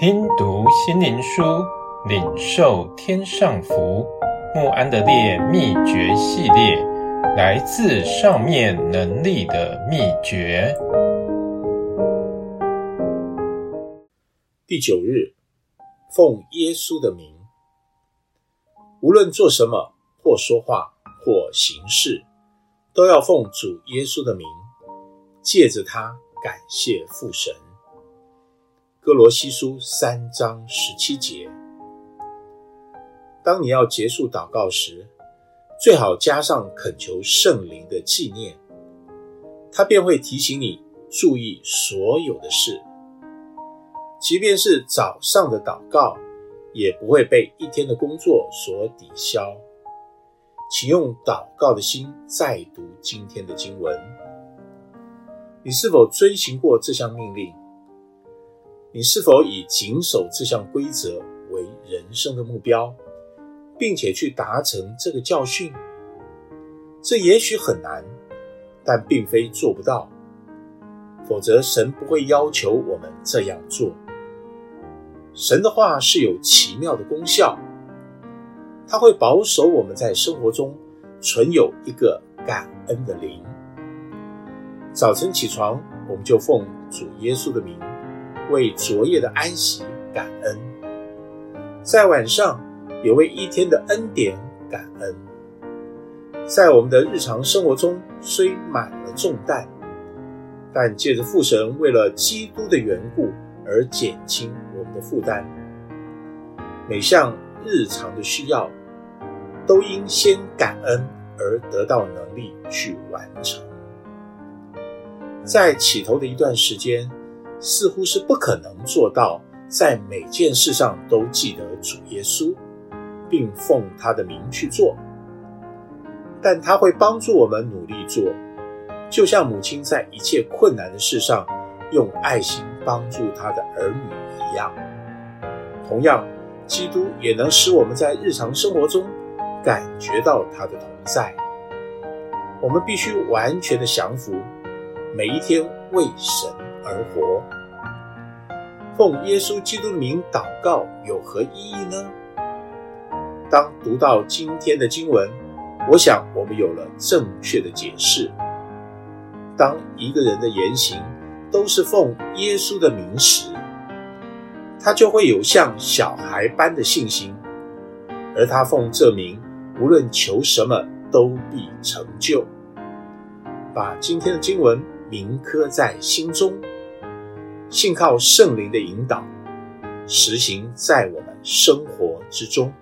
聽讀心靈書，領受天上福。慕安德烈秘訣系列，來自上面能力的秘訣。第九日，奉耶穌的名，無論做什麼，或說話，或行事，都要奉主耶穌的名，借着他感謝父神。哥羅西書三章十七節。當你要結束禱告時，最好加上懇求聖靈的紀念，他便會提醒你注意所有的事。即便是早上的禱告，也不會被一天的工作所抵消。請用禱告的心再讀今天的經文。你是否遵行過這項命令？你是否以謹守這項規則為人生的目標，並且去達成這個教訓？這也許很難，但並非做不到。否則神不會要求我們這樣做。神的話是有奇妙的功效，他會保守我們在生活中存有一個感恩的靈。早晨起床，我們就奉主耶穌的名。為昨夜的安息感恩，在晚上也為一天的恩典感恩。在我們的日常生活中，雖滿了重擔，但借着父神為了基督的緣故而減輕我們的負擔，每項日常的需要都因先感恩而得到能力去完成。在起頭的一段時間，似乎是不可能做到，在每件事上都記得主耶穌，並奉他的名去做。但他會幫助我們努力做，就像母親在一切困難的事上用愛心幫助她的兒女一樣。同樣，基督也能使我們在日常生活中感覺到他的同在。我們必須完全的降服，每一天為神。而活，奉耶穌基督的名禱告有何意義呢？當讀到今天的經文，我想我們有了正確的解釋。當一個人的言行都是奉耶穌的名時，他就會有像小孩般的信心，而他奉這名，無論求什麼都必成就。把今天的經文銘刻在心中，信靠聖靈的引導，實行在我們生活之中。